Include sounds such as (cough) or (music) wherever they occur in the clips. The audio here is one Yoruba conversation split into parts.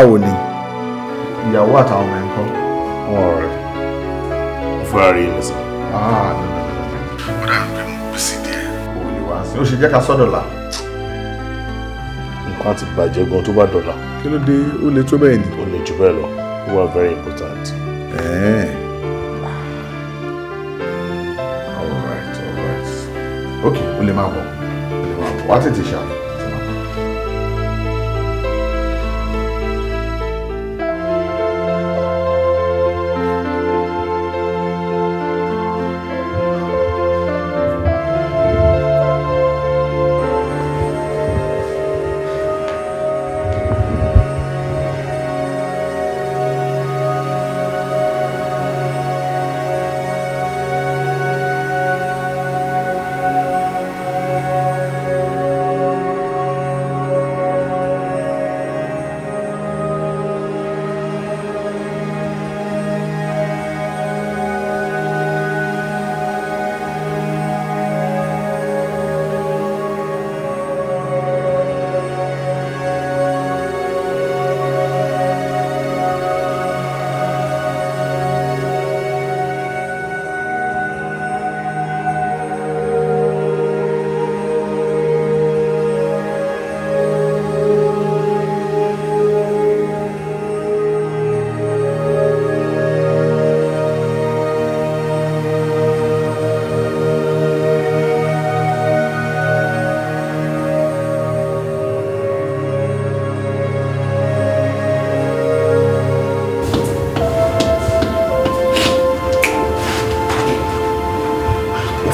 báwo ni ìyàwó àtàwọn ọmọ ẹ̀ ń kọ́. wọn ò rẹ mo fẹ́ rí ilé sọ. ó dà pé mo bí sí díẹ̀. kò lè wá sí. ó ṣe jẹ́ ká sọ́dọ̀ la. nǹkan àti bàjẹ́ gan tó bá dọ̀la. kí ló dé ó lè tó bẹ́ẹ̀ ni. ó lè jù bẹ́ẹ̀ lọ ó wà very important. all right all right ok ó lè máa bọ̀ ó lè máa bọ̀ wá tètè ṣáà.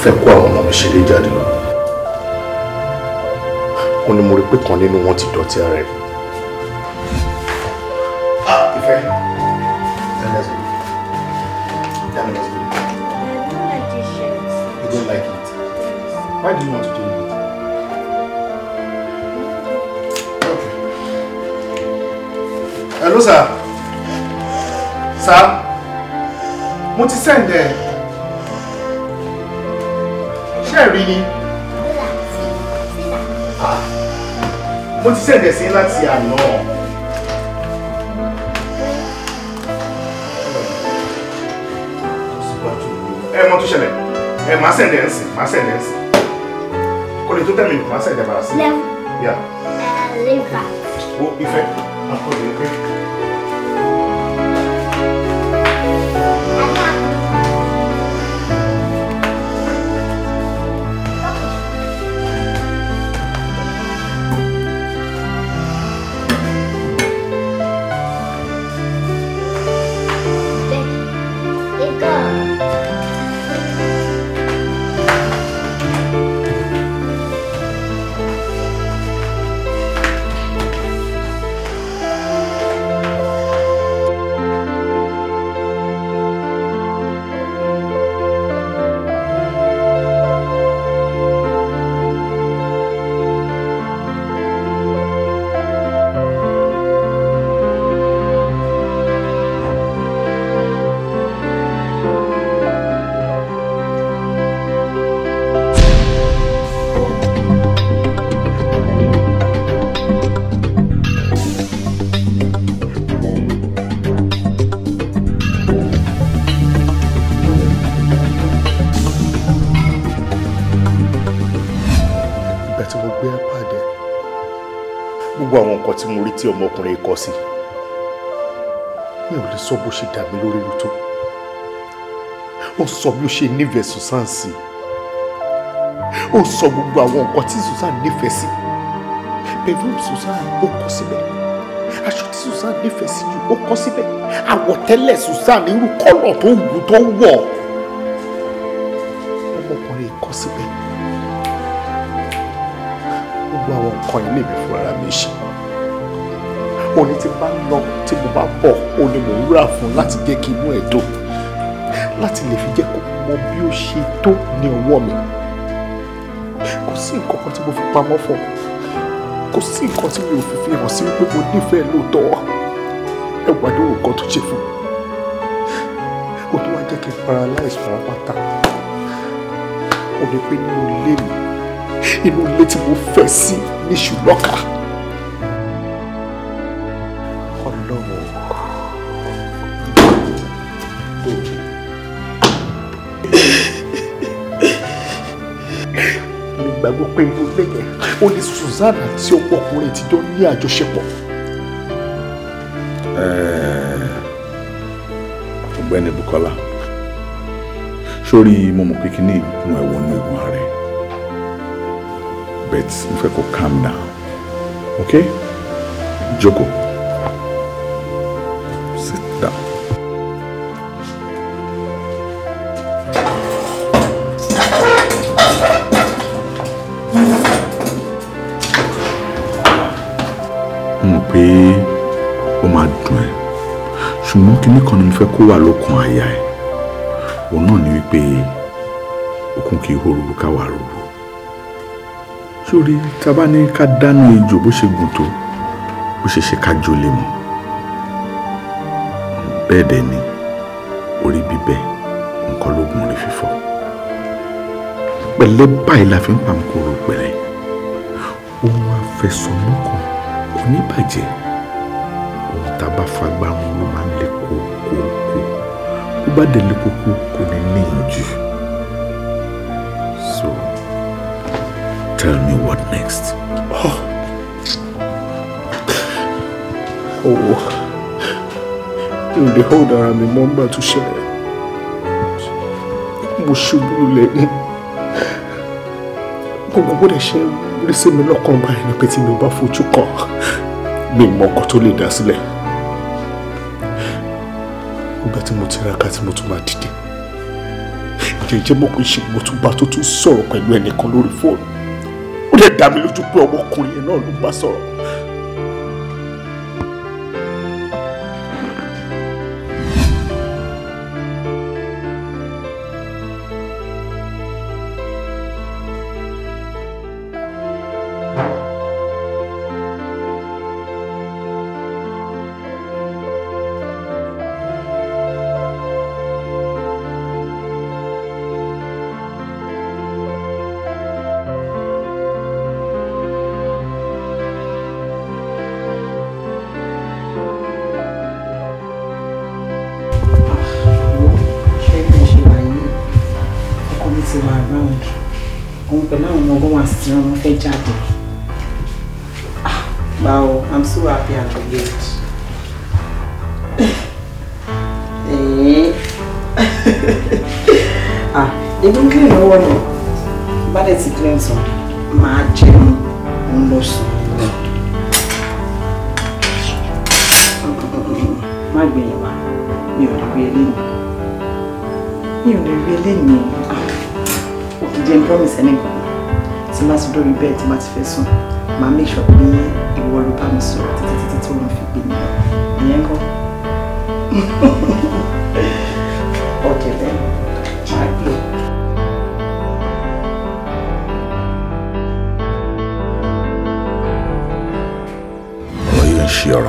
fẹ́ kó àwọn ọmọ mi ṣeré jáde lọ ó ní mo rí pé kan nínú wọn ti dọ̀tí ara ẹ̀. Ah, want to do it? Hello, sir. Sir, mo ti send there. rí ni. Ah. mo ti sẹ̀dẹ̀ sí láti àná. ẹ mọ tó ṣẹlẹ̀ ẹ máa sẹ̀dẹ̀ ń sìn máa sẹ̀dẹ̀ ń sìn kò lè tó tẹ̀mí máa sẹ̀dẹ̀ bàrà sí. lẹ́wọ̀n. ìfẹ́ àkọsílẹ̀ pé. sọ bó ṣe dà mí lórí rútó wọ́n sọ bí ó ṣe nífẹ̀ẹ́ Susan sí ó sọ gbogbo àwọn nǹkan tí Susan nífẹ̀ẹ́ sí bedroom Susan ó kọ síbẹ̀ aṣọ tí Susan nífẹ̀ẹ́ sí jù ó kọ síbẹ̀ àwọ̀tẹ́lẹ̀ Susan irú kọ́lọ̀ tó wù tó wọ̀ ọmọkùnrin kọ síbẹ̀ gbogbo àwọn nǹkan yìí lèmi fúnra mi ṣe òní ti bá lọ tí mo bá bọ̀ ó ní mò ń rà fún láti jẹ́ kí inú ẹ̀ dùn láti lè fi jẹ́ kó mọ bí ó ṣe tó ní ọwọ́ mi kò sí nǹkan kan tí mo fi pamọ́ fún kò sí nǹkan tí mi ò fi fi hàn sí pé mo nífẹ̀ẹ́ lóòótọ́ ẹ wà nǹkan tó ṣe fún ó ní wá jẹ́ kí n paralyze parapata ó ní pé nínú ilé mi inú ilé tí mo fẹ́ sí ní ṣùlọ́kà. gbàgbé pé inú ilé yẹn ó ní Susanna àti ọkùnrin ìtijọ́ ní àjọṣepọ̀. ọ̀gbẹ́ni Bukola sórí mo mọ̀ pé kíní ìdùnnú ẹ̀ wọnú egun ààrẹ bet mo fẹ́ kó calm down okay Joko. kan ni mo fẹ́ kó wà lókun àyà ẹ̀ òun náà ni wípé òkun kì í horúbu ká wà rúbu sórí tá a bá ní ká dánú ejò bó ṣe gùn tó bó ṣe ṣe ká jólè mọ́ bẹ́ẹ̀ dẹ̀ ni orí bíbẹ́ nǹkan lóògùn orí fífọ́ pẹ̀lẹ́ báyìí la fi ń pàmòkòrò pẹ̀lẹ́ ohun àfẹsọ̀mọ́kàn oníbàjẹ́ ohun tá a bá fagbá wọn ló máa ń bá délé kúkú so tell me what next. Oh. Oh. In the holder ara the mọ́ to share. ṣẹlẹ̀ mo ṣubú lulẹ̀ gbogbo bó dẹ̀ ṣe rí sí mi lọ́kàn báyìí ni pé tí mi ò bá fojú tí mo tiraka tí mo tún máa dìde jẹ́jẹ́ mọ̀ pé ṣe mo tún bá tó tún sọ̀rọ̀ pẹ̀lú ẹnìkan lórí fóònù ó lè dá mi lójú pé ọmọkùnrin yẹn náà ló bá sọ̀rọ̀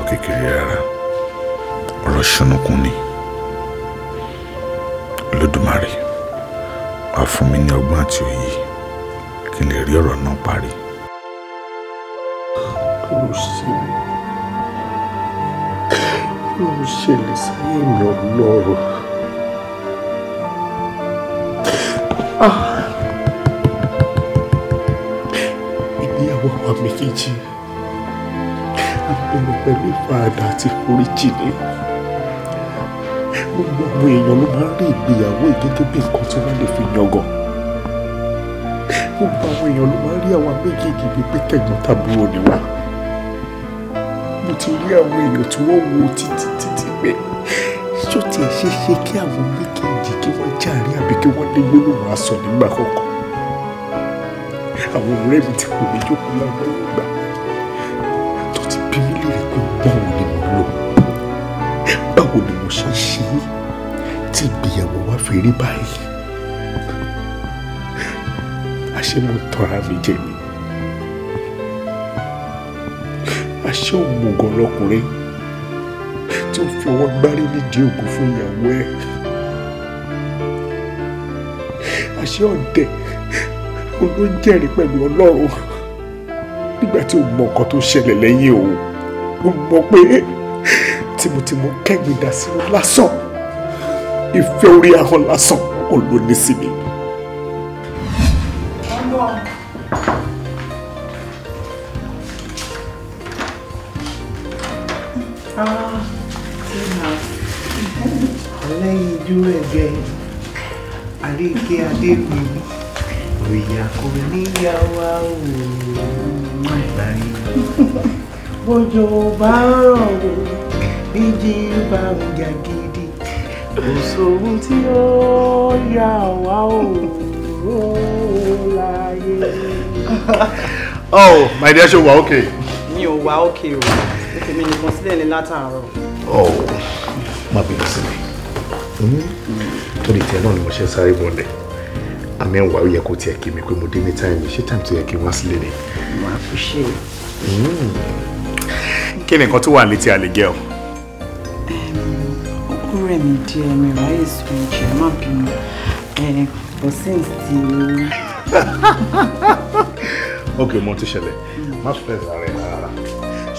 kékeré rárá ọ̀rọ̀ ṣùnùkùn ni lódùmarè wá fún mi ní ọgbọ́n àti òye kí n lè rí ọ̀rọ̀ náà parí. kò sí kò ṣẹlẹ̀ sáyé mi ọlọ́rọ̀. Ah! ìgbéyàwó àwọn méjèèjì bẹ̀rẹ̀ pẹ̀lú ìfaradà àti foríjì ni gbogbo àwọn èèyàn ló máa ń rí ìgbéyàwó gẹ́gẹ́ bí nǹkan tí wọ́n lè fi yangàn gbogbo àwọn èèyàn ló máa ń rí àwọn méjèèjì bíi pé tẹ̀gbọ́n ni wá mo ti rí àwọn èèyàn tí wọ́n wo títí títí pé ṣó tiẹ̀ ṣe ṣe kí àwọn méjèèjì kí wọ́n jàre àbí kí wọ́n ní gbólóhùn asọ̀ nígbà kọ̀ọ̀kan àwọn ọ̀rẹ́ mi ti pè mí jókòó lágbàá báwo ni mo lò báwo ni mo ṣe ṣe tí ìgbéyàwó wa fi rí báyìí àṣé mo tọ́ra mi jẹ ni àṣé òmùgọ̀ lọkùnrin tí ó fi ọwọ́ gbárí nídìí ògùn fún ìyàwó ẹ̀ àṣé ọ̀dẹ̀ òun ló jẹ́rìí nígbà tí ó mọ nǹkan tó ṣẹlẹ̀ lẹ́yìn òun mo mọ̀ pé tìmùtìmù kẹ́gbìn dà sí wọn lásán ìfẹ́ orí ahọ́n lásán kò ló ní sí mi. lẹ́yìn ijó ẹ̀gẹ́ àríkè adébí òyà kò ìgbà yìí bójò bá rọ̀ wò bíjí bá ń jà gidi kò sóhun tí ó yà wá òró láyé. (laughs) oh my dear ṣe wà ókè. mi ò wà ókè o èmi nìkan sílẹ̀ ní látàárọ̀. oh má bínú sí mi hmm? torí tiẹ̀ náà ni mo ṣe ń sáré mọ́lẹ̀ àmì ẹ̀wà ó yẹ kó tiẹ̀ kí mi pé mo dé ní táìmì ṣé táìmì tó yẹ kí n wá sílé ni. mo appreciate. Hmm kí ni nǹkan tó wà létí àlejẹ o. ó rẹ̀ mí díẹ̀ mi ráyè sùn jù ẹ má bínú bó sì ń sí i. ok mo ti ṣẹlẹ̀ hmm. má stress ààrẹ rárá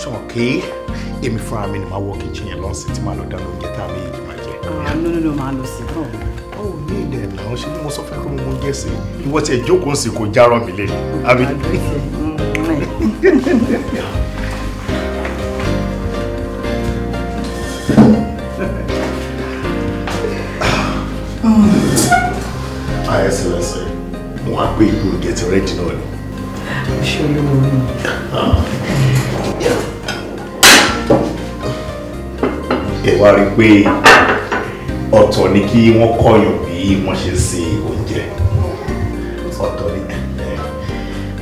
sọ kí èmi fúnra mi ni máa wọ kíchìn yẹn lọ́sìn tí màá lọ dáná oúnjẹ tá a lè jẹ máa jẹ. àánú ló máa lọ sí fún ọ báwo ní ilẹ̀ làwọn ṣe ní mo sọ fẹ́ kó mo jẹ́ sí ìwọ tí ẹ jókòó sí kò járọ̀ mi lé àbí. (laughs) Excellency, mo wá pé get ready náà ni. Ṣé you. ni? Ẹ wá rí pé ọ̀tọ̀ ni kí wọ́n kọ̀yàn bí wọ́n ṣe ń se oúnjẹ. Ọ̀tọ̀ ni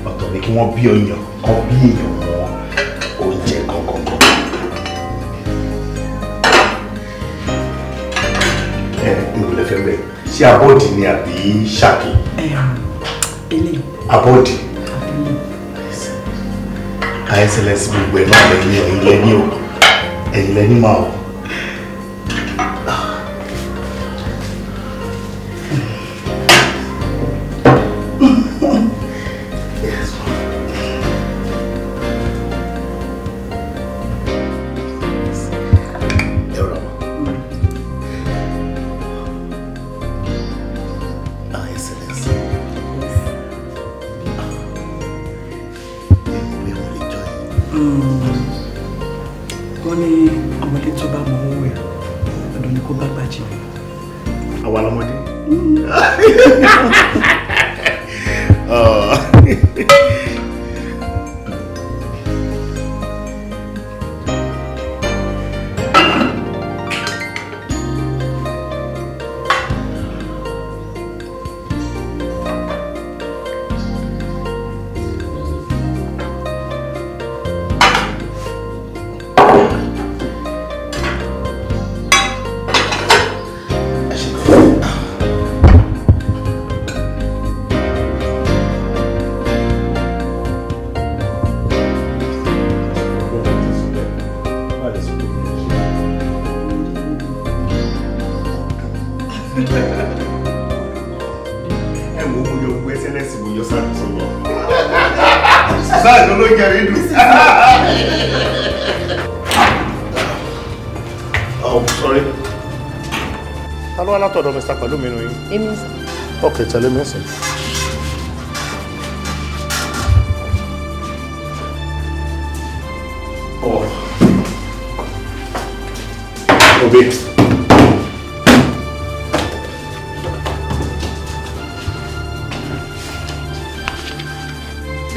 ọ̀tọ̀ ni kí wọ́n bí ọyàn kan bí èèyàn. fẹ́ bẹ̀ ṣé abọ́ọ̀dì ni àbí ṣáàkì. abọ́ọ̀dì. àìsàn lẹ́sìn gbogbo ẹ̀ náà lẹ́yìn ẹ̀yìn lẹ́yìn o ẹ̀yìn lẹ́yìn máa o. lọ́dọ̀ Mr. Pẹ̀lúmi nù yín. èmi sọ. ok tẹ̀lé mi sìn. Oh. Obi.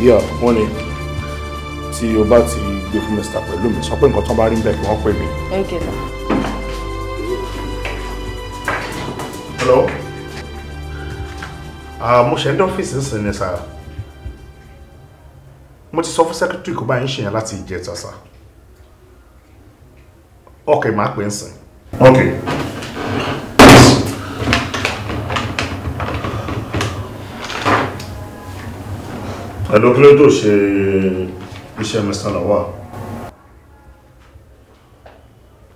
yíyá wọ́n ní tí o bá ti gbé fún Mr. Pẹ̀lúmi sọ pé nǹkan tán bá rí ń bẹ̀ kí wọ́n pè mí. ok sir. hello. Ah, mo ṣe ń dán ọ́fíìsì ń sìn ní sá mo ti sọ fún sẹ́kítírì kó bá ń ṣèyàn láti ìjẹta sá ok máa pè ń sìn. ok. ẹ̀dọ́ kí ló tó ṣe iṣẹ́ Mr. Lawal.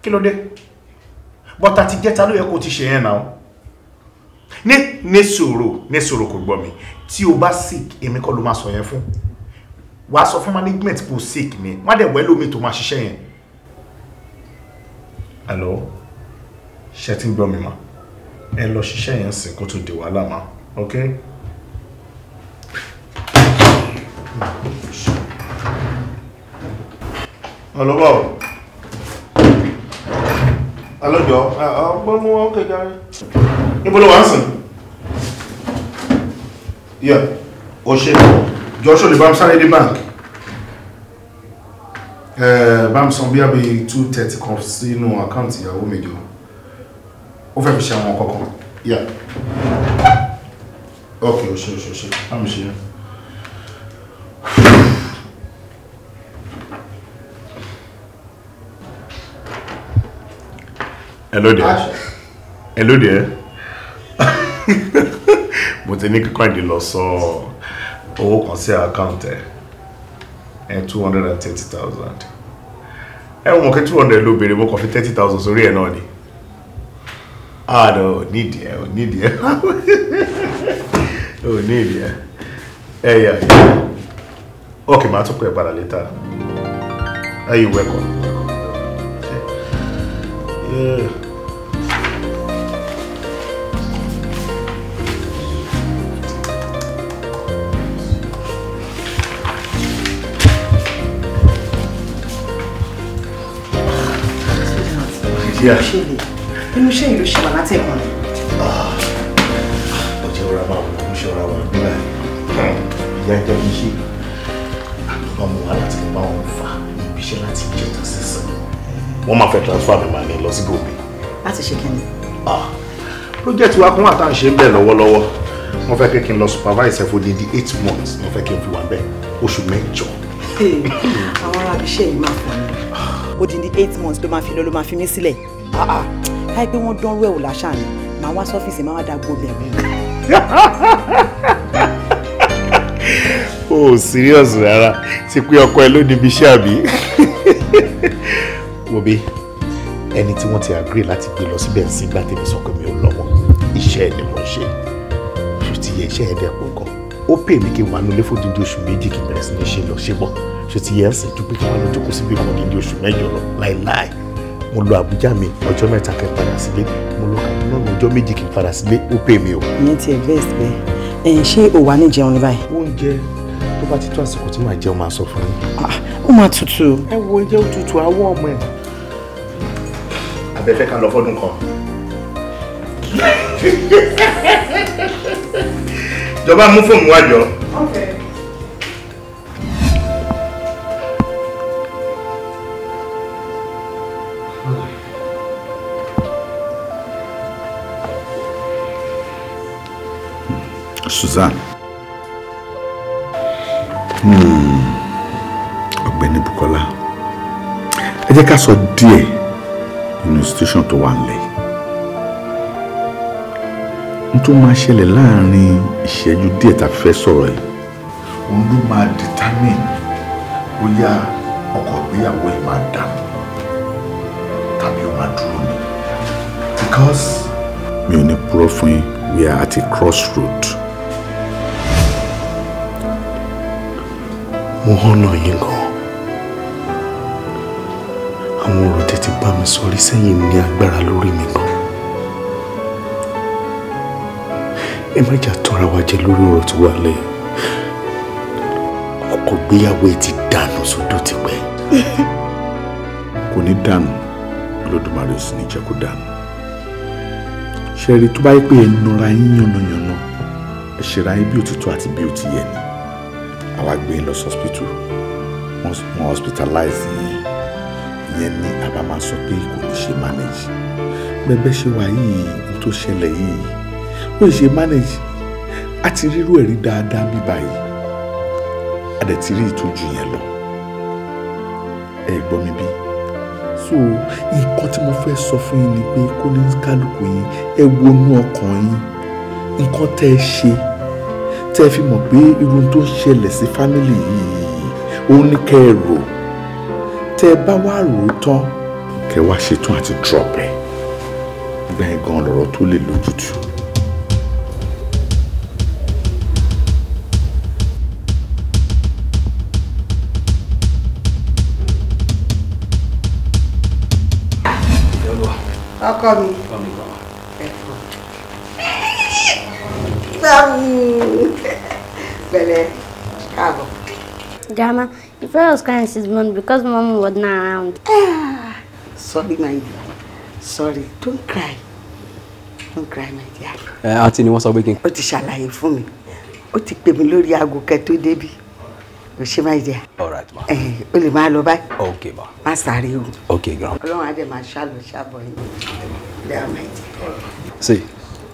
kí ló dé bọ́tà ti jẹ́ta ló yẹ kó ti ṣe yẹn náà ní ní sòrò ní sòrò kò gbọ́ mi tí o bá sick èmi kọ́ ló máa sọ yẹn fún wà á sọ fún management kò sick ni wọ́n á dẹ̀ wẹ́ lómi tó máa ṣiṣẹ́ yẹn. alo ṣe ti ń gbọ́ mi ma ẹ lọ ṣiṣẹ́ yẹn sìn kó tó di wàhálà ma ok. ọlọ́bọ̀ alọ́jọ́ ọgbọ́n mú ọ́n kékeré níbo ló wà ń sìn yẹ o ṣe joshua lè bá mi sáré dé bank bá mi san bíyà bíi two thirty kan sínú àkáǹtì ìyàwó mi jọ ó fẹ́ fi ṣe àwọn kankan yẹ ok o ṣe o ṣe ṣe Hello there hello there (laughs) mo ti ní kíkọ́ ìdí lọ sọ owó kan sí àkáǹtì ẹ two hundred and thirty thousand ẹ wọ́n kí two hundred ló béèrè mo kàn fi thirty thousand sórí ẹ̀ náà ni ah no nídìí ẹ ò nídìí ẹ ò nídìí ẹ (laughs) ẹ yà yà ok màá tún pè padà létà ẹ yìí Yeah. ṣe lè inú iṣẹ́ yìí ló ṣe wà látẹ̀kùn rẹ̀. Ah, ọjọ́ ọ̀rá máa wọ ọmọọṣẹ́ ọ̀rá wa nígbà ìyá ìjọ kì í ṣe àgbà mú wa láti bá wọn fà níbi iṣẹ́ láti ìjẹta sísan. wọ́n máa fẹ́ transfer mi màá ní lọ sí gòmí. láti ṣe kí ni. Ah, project wa kún àtà ń ṣe ń bẹ̀ lọ́wọ́lọ́wọ́ wọ́n fẹ́ kí n lọ supervise ẹ̀ fòdì di eight months wọ́n fẹ́ kí n fi wà bẹ́ẹ̀ oṣù mẹ́jọ. àwọn arábìṣẹ́ yìí máa fọ́ ni. Ah. odindi eight months ló máa fi lọ ló máa fi mí sílẹ̀. Ah, ah. káyé pé wọ́n dánrú ẹ̀ wò láṣà ni màá wá sọ́fíìsì máa wá da gbogbo ẹ̀mí. (laughs) o oh, serious rárá ti pé ọkọ ẹ ló níbi iṣẹ́ àbí. (laughs) wobi ẹni tí wọ́n ti agree láti gbé lọ síbẹ̀ sí gbà tèmi sọ pé mi ò lọ́wọ́ iṣẹ́ ẹ̀ ni mo ń ṣe ṣó ti yẹ iṣẹ́ ẹ̀ dẹ̀ pọ̀ gan ó pè mí kí n wà ní ilé fòdìdí oṣù méjì kí n bẹ̀rẹ̀ sí ní ṣe lọ ṣe bọ̀ ṣó ti yẹ ẹ̀ sìn ju kí n wà ní ojókòó síbi ìkànnì oṣù mẹ́jọ lọ láéláé mo lọ Àbújá mi ọjọ́ mẹ́ta kí n padà sílé mo lọ Kaduna mi ọjọ́ méjì kí padà sílé ó pè mí o. ìyẹn ti invest bẹ́ẹ̀ ẹ̀yìn ṣé o wà ní jẹun ní báyìí. oúnjẹ tó bá ti tó àsìkò tí màá jẹun máa sọ fún yín. Ah, ó máa tutù. ẹ wo oúnjẹ ó tutù àwọ̀ ọmọ ẹ̀. abẹ́fẹ́ ká lọ fọ́dún kan. ìjọba (laughs) mú fóònù wájọ. okay. Hamzan hmm. ọ̀gbẹ́ni Bukola ẹ jẹ́ ká sọ díẹ̀ nínú situation tó wà nílẹ̀ n tó máa ṣẹlẹ̀ láàrin ìṣẹ́jú díẹ̀ tá a fẹ́ sọ̀rọ̀ yìí òun ló máa determine bóyá ọkọ̀ ìgbéyàwó ẹ̀ máa dànù tàbí ó máa dúró ni because mi ò ní purọ́ fún yín we are at a crossroad. mo hànà yín gan àwọn ọ̀rọ̀ tètè bá mi sọrí sẹ́yìn ní agbára lórí mi gan ẹ má jà tọ́ra wa jẹ lórí ọ̀rọ̀ tó wà lẹ́yìn ọkọ̀ gbéyàwó ẹ ti dànù sódò tipẹ́ kò ní dànù lódùmarè ò sì ní jẹ́ dànù ṣe tó bá yẹ pé ẹ nọra yín yànnàyànnà ẹ ṣèrà yín bí òtítọ́ àti bí ó ti ni àwa gbé lọ sí hospital wọ́n hospitalize yẹn ìyẹn ni àbá máa sọ pé kò ní ṣe manage bẹ́ẹ̀ ṣe wà yìí ní tó ṣẹlẹ̀ yìí wọ́n ṣe manage a ti rírú ẹ̀rí dáadáa bí báyìí a dẹ̀ ti rí ìtọ́jú yẹn lọ ẹ gbọ́ mi bí so nǹkan tí mo fẹ́ sọ fún yín ni pé kó ní kálukú yín ẹ wọnú ọkàn yín nǹkan tẹ́ ẹ ṣe tẹ́ ẹ fi mọ̀ pé irú tó ń ṣẹlẹ̀ sí fámìlì yìí òun ní kẹ́ ẹ tẹ́ bá wá rò ó tán kẹ́ wá ṣetán àti drop ẹ̀ gbà ẹ̀ gan lọ̀rọ̀ tó lè lójútùú. ọkọ mi ẹ̀fọ́. Pẹ̀lẹ́. Káàbọ̀. Grandma, the I was crying this month because mom was not around. Ah, sorry, my dear. Sorry, don't cry. Don't cry, my dear. Ẹ àǹtí ni wọ́n sọ pé kí n. Ó ti ṣàlàyé fún mi. Ó ti pè mí lórí aago kẹ tó my dear. All right, ma. Ẹ o lè máa Okay, ma. Má sáré o. Okay, grandma. Ọlọ́run á dẹ̀ máa ṣàlọ̀ ṣàbọ̀ There, my dear. See,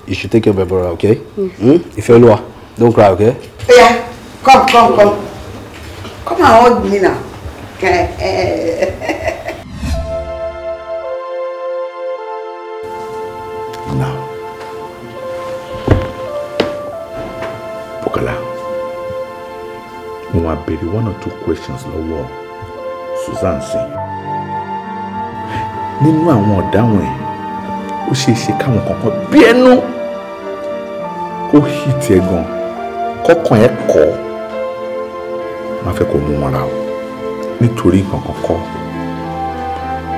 you should take care of your brother, Hmm. If Olúwa. Mm? Don't cry, okay? Yeah. Come, come, come. Come and hug me now. now. Bukala. Mo máa béèrè one or two questions lọ́wọ́ Susan sin. Nínú àwọn ọ̀dáhùn ẹ̀, ó ṣeé ṣe káwọn kankan bí ẹnu kó hìtì ẹ̀ gan-an kọ́kàn ẹ̀ kọ́ máa fẹ́ kó mú wọn ra o nítorí nǹkan kan kọ́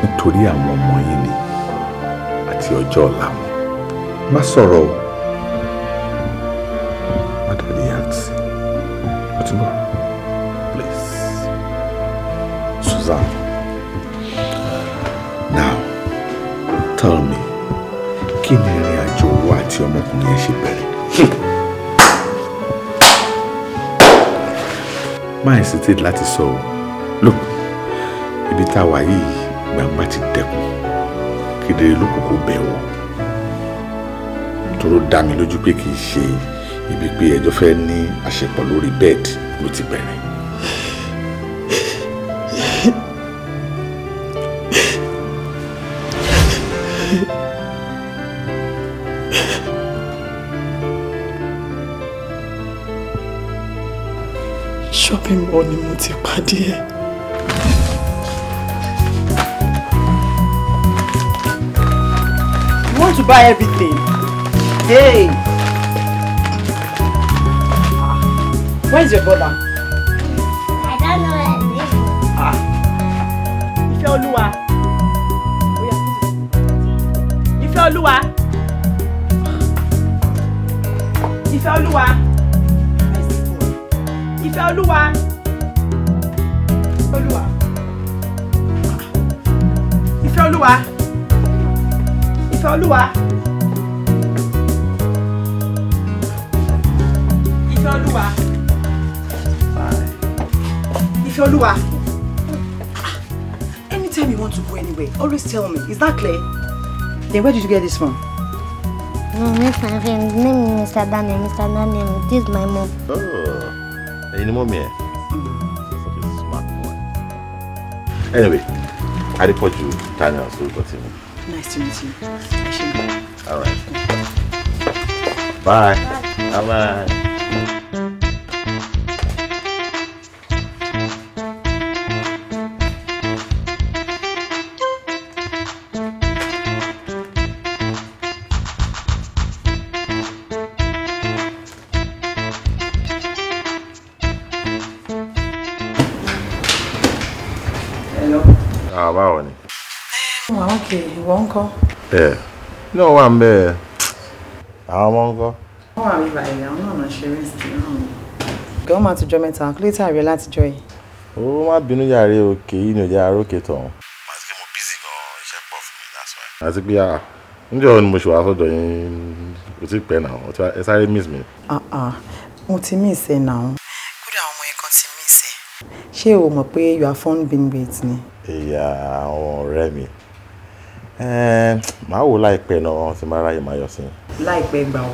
nítorí àwọn ọmọ yìí ni àti ọjọ́ ọ̀la wọn má sọ̀rọ̀ o. hesitate láti sọ o look ibi tá a wà yìí gbàgbà ti dẹkùn kedere ló kókó bẹ̀ wọ́ tóró dá mi lójú pé kì í ṣe ibi pé ẹjọ́ fẹ́ ní àṣepọ̀ lórí bẹ́ẹ̀dì ló ti bẹ̀rẹ̀. ni mo ti pàdé ẹ. You want to buy everything? Hey, Where is your brother? I don't know where he is. Ah. Ìfẹ́ Olúwa. Ìfẹ́ Olúwa. Ìfẹ́ Olúwa. Ìfẹ́ Olúwa. olúwa ìfẹ́ olúwa ìfẹ́ olúwa ìfẹ́ olúwa anytime you want to go anywhere always tell me is that clear then where did you get this from. No, that's my friend. name is Mr. Daniel. Mr. Daniel, this is my mom. Oh, you know mommy? Eh? Such a smart boy. Anyway, Adépọ̀jù Daniel orúkọ tí mo. nice to meet you ẹ ṣe gbọ́. all right bye bye. bye. bye. òkè ìwọ ńkọ́. ẹ náà wà ń bẹ ẹ àwọn ọmọ ńkọ́. wọ́n wà bíbá ẹ̀yà wọn náà ṣe rí sí náà ni. ìgbà wọn máa tọjọ mẹ́ta kílítà rẹ látijọ́ yìí. okay? má bínú yàrá òkè yìí ní òde àrókè tọ̀hún. àti pé mo bízì gan-an iṣẹ́ pọ̀ fún mi lásán. àti pé a ah, ǹjẹ́ ni mo ṣe wàá sọ́dọ̀ yín kò tí ì miss mi. Ah, ah, mo ti miss ẹ náà. kódà àwọn ọmọ yẹn kan ti miss ẹ. ṣé o mọ̀ pé you are fond being with ni. ìyá àwọn ọ̀rẹ́ mi màá wò láìpẹ́ náà tí màá ráyè máa yọ sí. láìpẹ́ gbà o.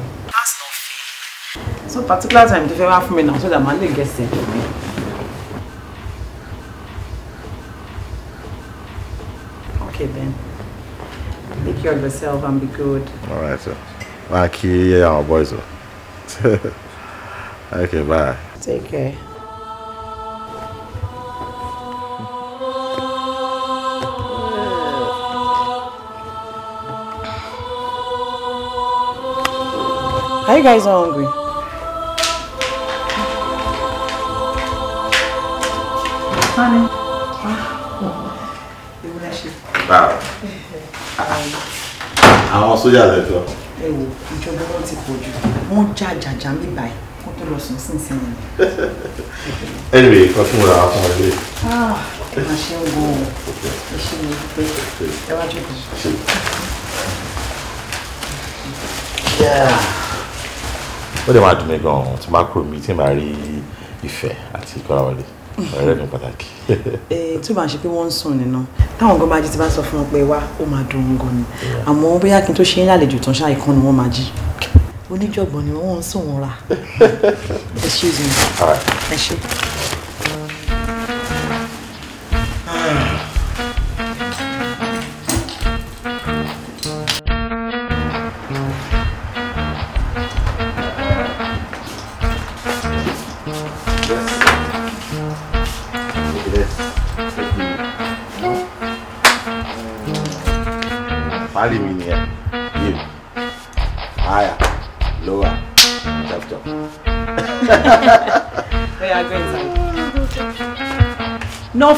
so particular time tó fẹ́ wá fún mi náà so that màá lè gẹ̀ẹ́sì ẹ̀ okay then take care of yourself and be good. all right sir. máa kí àwọn boys o. (laughs) okay bye. take care. Are you guys hungry? Honey. Báwo. Àwọn sójà lẹ́tọ̀. Ẹ wo ìjọba wọn ti pọ̀ jù. Wọ́n já jàjà mi báyìí. Wọ́n tó lọ sùn sìn sẹ́yìn. Ẹ lè kọ́ fún ra fún ọ lé. Ẹ ah, máa ṣe ń gbọ́ ọ. Ẹ ṣe mi pé ẹ wá jókòó. Yeah ó dẹ̀ máa dùn mí gan-an tí máa kúrò mí tí máa rí ìfẹ́ àti ìkọ́láwọlé ọ̀rẹ́ mi pàtàkí. (laughs) Eh, tó bá ń ṣe pé wọ́n ń sùn nínú táwọn gan bá jí ti bá sọ fún wọn pé wá ó máa dùn ún gan ni àmọ́ bóyá kí n tó ṣe ń lálejò tán ṣáà ìkan ni wọ́n máa jí (laughs) oníjọ̀gbọ̀n ni wọ́n ń sùn wọn ra (laughs) ẹ ṣe ìdùnnú ẹ ṣe.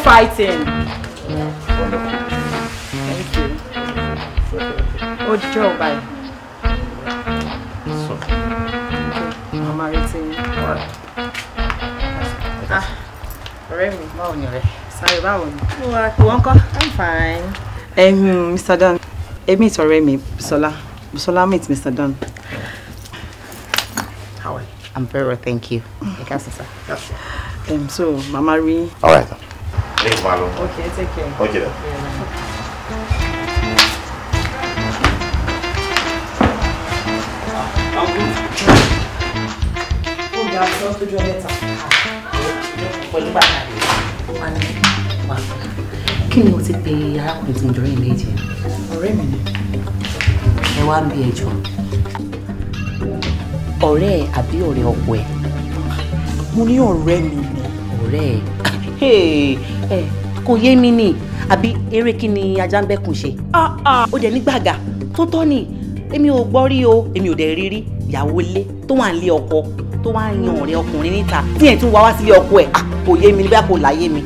fighting. Thank you. Ojo, bye. So. Okay. I'm waiting. Alright. Ah, ọ̀rẹ́ mi, báwo ni ọ̀rẹ́? Sáré báwo you? Wọ́n kọ́. I'm fine. Um, Mr. Don, èmi ìtọ̀rẹ́ mi, Busola. Busola meet Mr. Don. How are you? I'm very well, thank you. Mm. Ẹ ká sọ Um, so, Mama Marie. All right. Ní kò máa lọ. Okay, take care. Okay then. Ó ga sọ sójú ọ mẹ́ta. Pẹ̀lú bàtà rẹ̀, ó máa ní máa. Kí ni o ti pe arákùnrin tí mo jọ rí ilé ìjẹ? Ọ̀rẹ́ mi ni. Ẹ wá ń bí ẹjọ́. Ọ̀rẹ́ ẹ̀ àbí ọ̀rẹ́ ọkọ ẹ̀? Mo ní ọ̀rẹ́ mi ni. Ọ̀rẹ́ Hey ẹ kò yé mi ni àbí eré kí ni ajá ń bẹ́kùn ṣe. Ah, ah. ó dẹ̀ ní gbàgà tó tọ́ ni èmi ò gbọ́ rí o èmi ò dẹ̀ rí rí ìyàwó ilé tó wà nílé ọkọ tó wá ń yan ọ̀rẹ́ ọkùnrin níta tí ẹ̀ tún wá wá sílé ọkọ ẹ̀ ah, kò yé mi nígbà kò láyé mi.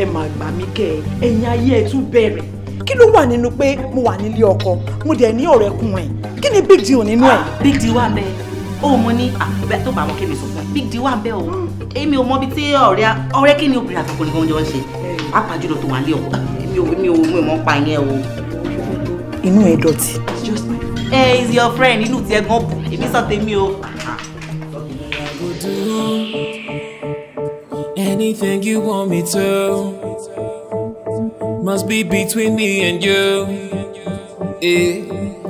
ẹ máa gbà mí kẹ ẹ̀yin ayé ẹ tún bẹ̀rẹ̀ kí ló wà nínú pé mo wà nílé ọkọ mo dẹ̀ ní ọ̀rẹ́ kun ẹ̀ kí ni big deal nínú ẹ̀. big deal wà bẹ́ẹ̀ ó mo ní àbẹ tó bá wọn kí mi sọ fún ẹ big deal wà bẹ́ẹ̀ o èmi ò mọbi tí ọ̀rẹ́ ọ̀rẹ́ kí ni obìnrin àtọkọ nìkan jọ ń ṣe pàápàá jùlọ tó wà ní ọkọ èmi ò èmi ò mọ̀ pa yẹn o. inú ẹ dọ̀tí. ẹ is eh, your friend inú tiẹ̀ gan èmi sọ tèmi o. Anything you want me to must be between me and you. Hey, eh,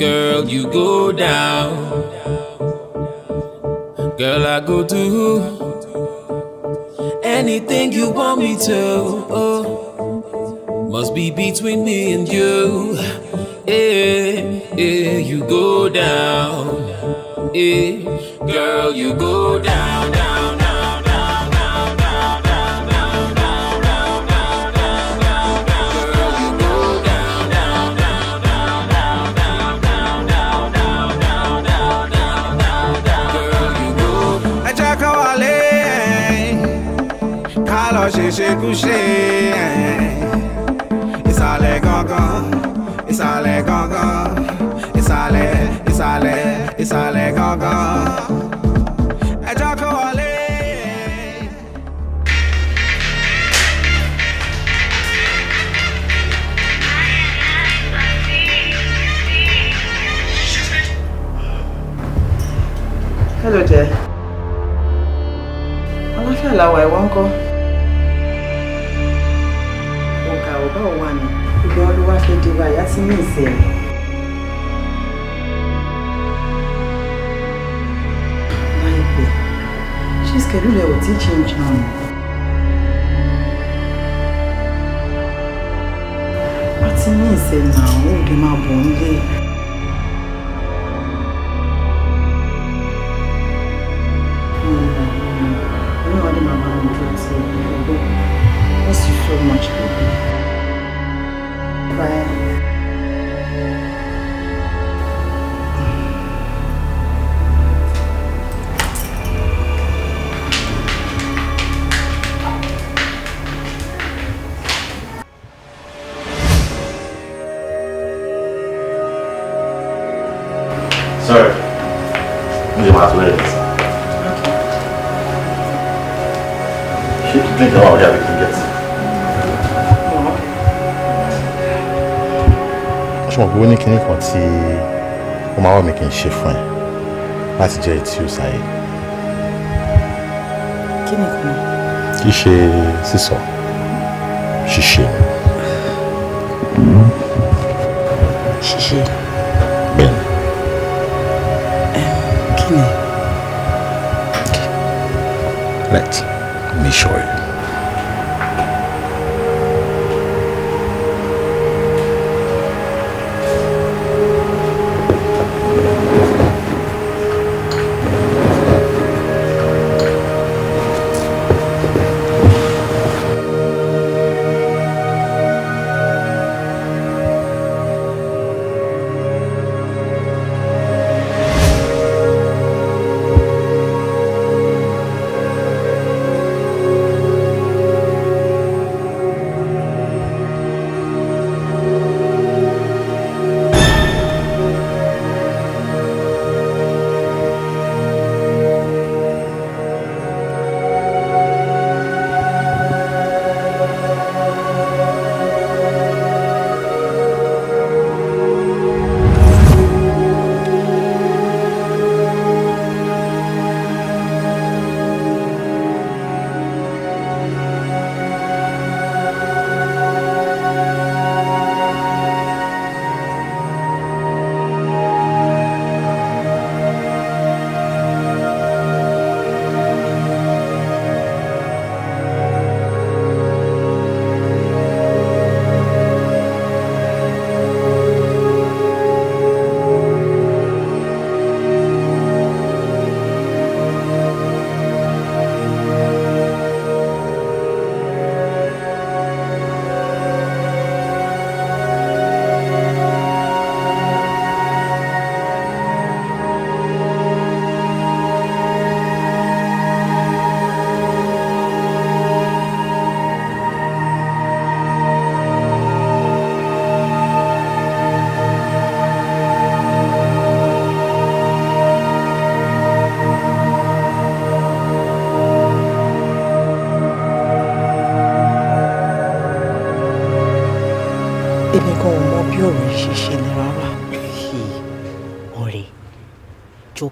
girl, you go down. Girl, I go to. anything you want me to. Oh, must be between me and you. Yeah, yeah, you go down. Yeah, girl, you go down, down. lọ ṣe ṣekúṣe ìsàlẹ̀ gangan ìsàlẹ̀ gangan ìsàlẹ̀ ìsàlẹ̀ ìsàlẹ̀ gangan ẹjọ́ kó wọlé. Hello there. Aláfẹ́ làwà ẹ̀wọ̀n ń kọ́. wá fẹ́ di wa ìyá tí mi ì sẹ́ ẹ̀. láìpẹ́ ṣé schedule ẹ̀ ò tí change náà ni. wá ti ní ìsẹ̀ náà ó máa bọ̀ nílé. ṣe fún ẹ láti jẹ́ etí ó sáyé. kí ni kò ní. kì í ṣe sísọ ṣíṣe. ṣíṣe. bẹ́ẹ̀ni. kí ni. me show you.